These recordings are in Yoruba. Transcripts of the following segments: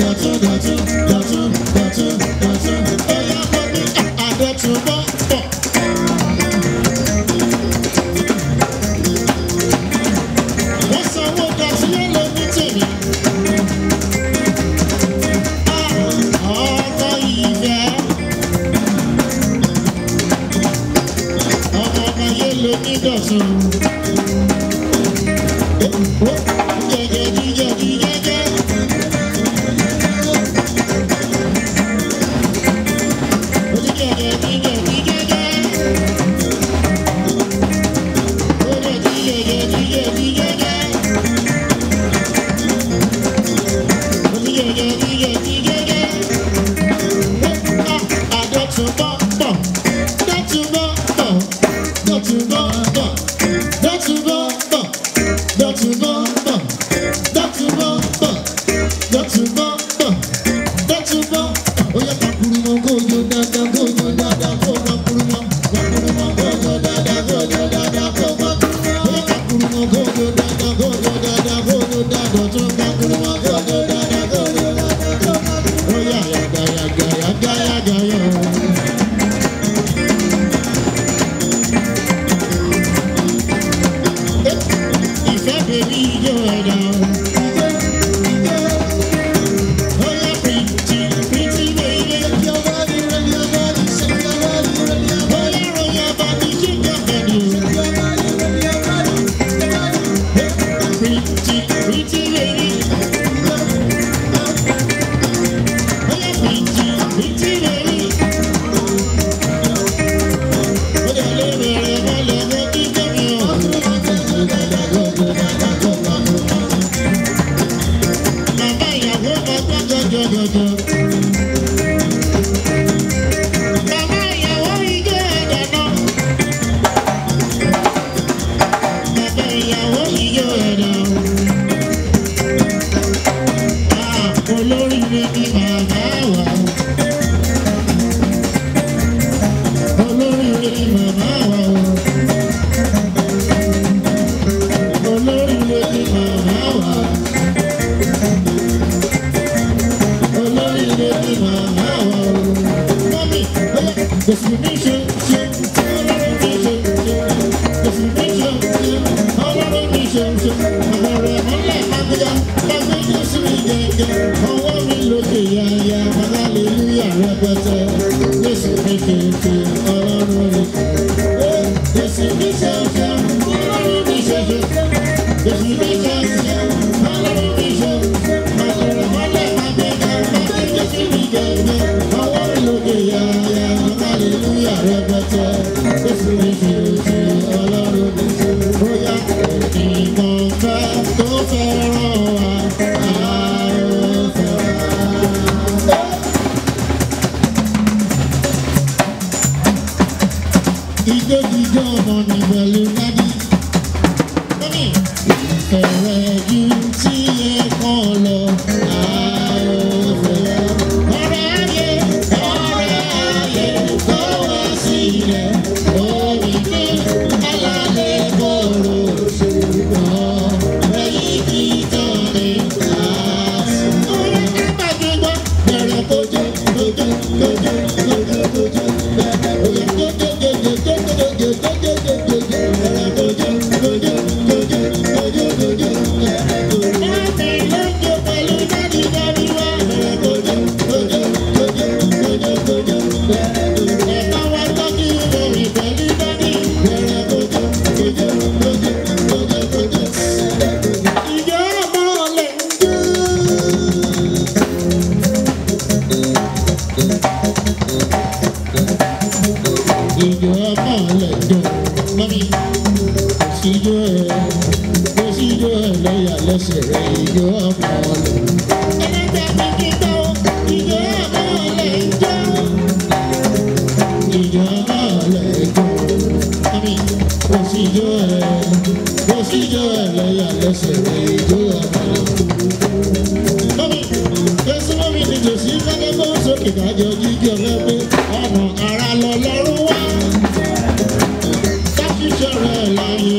dọ̀tún dọ̀tún dọ̀tún dọ̀tún dọ̀tún ọ̀yà ọ̀bí àdọ̀tún bọ́ bọ̀. wọ́n sanwó dọ̀tún yóò lè ní tèmi. ọ̀rọ̀ ìfẹ́ ọmọ ọmọ yóò lè ní dọ̀tún. 哥哥。Hallelujah, ẹgbẹ́ Jésù mi gẹ́gẹ́ ọwọ́ mi lókè yáyá hallelúyà rẹpẹtẹ Jésù mi kèké ọlọ́run mi. Jésù mi ṣe ọ̀fẹ́ ọlọ́run mi ṣe ṣe Jésù mi ṣe ọ̀fẹ́ ọlọ́run mi ṣe màkàrà mọ́lẹ̀ abẹ́gà ẹgbẹ́ Jésù mi gẹ́gẹ́ jọ ọmọ ní pẹ̀lú dádì. Ìfẹ́ rẹ̀. yeah, yeah, rẹ̀ bó sì jẹ́ ẹlẹ́yà lẹ́sẹ̀ rẹ̀ ìjó àbálẹ̀. Èso mọ́mi ni tòsí fẹ́kẹ́ bó sókè kájọ jíjọ lẹ́gbẹ́ ọ̀nà ara lọ lọ́rùn wá. Káfíńsọ̀ rẹ̀ láyé.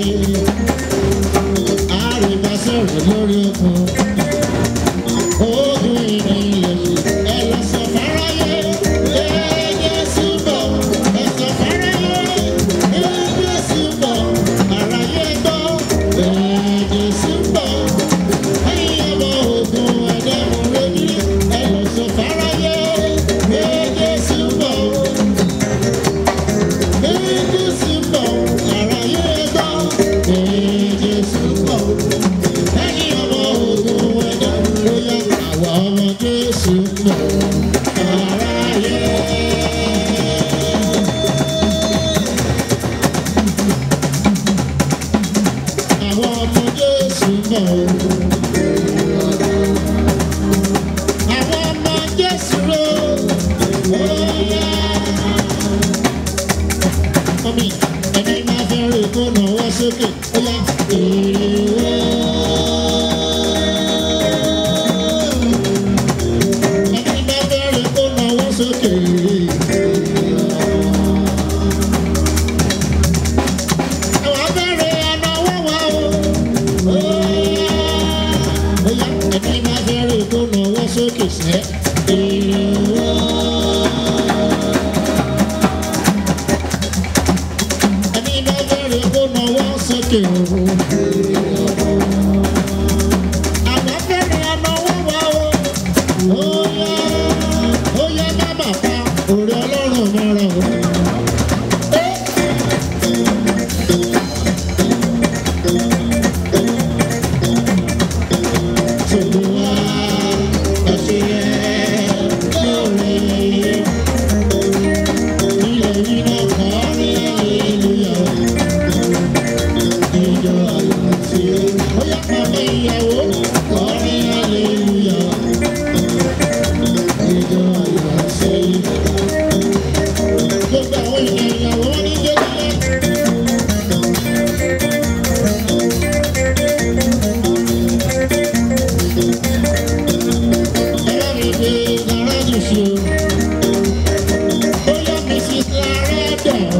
Mami, ẹni máa fẹ́ rè kó nà wá sókè, ó yá èrè wá. Ẹni máa fẹ́ rè kó nà wá sókè, èrè wá. Àwọn abẹ́rẹ́ anáwó wá o. Ó yá ẹni máa fẹ́ rè kó nà wá sókè sẹ́ẹ̀.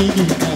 You.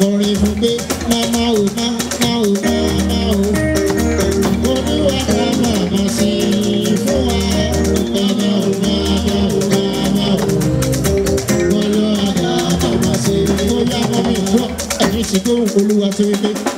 kọrin fún mama o mama o mama o mama ma ṣe fún mama o mama o mama o wọn lọ mama ṣe ó yá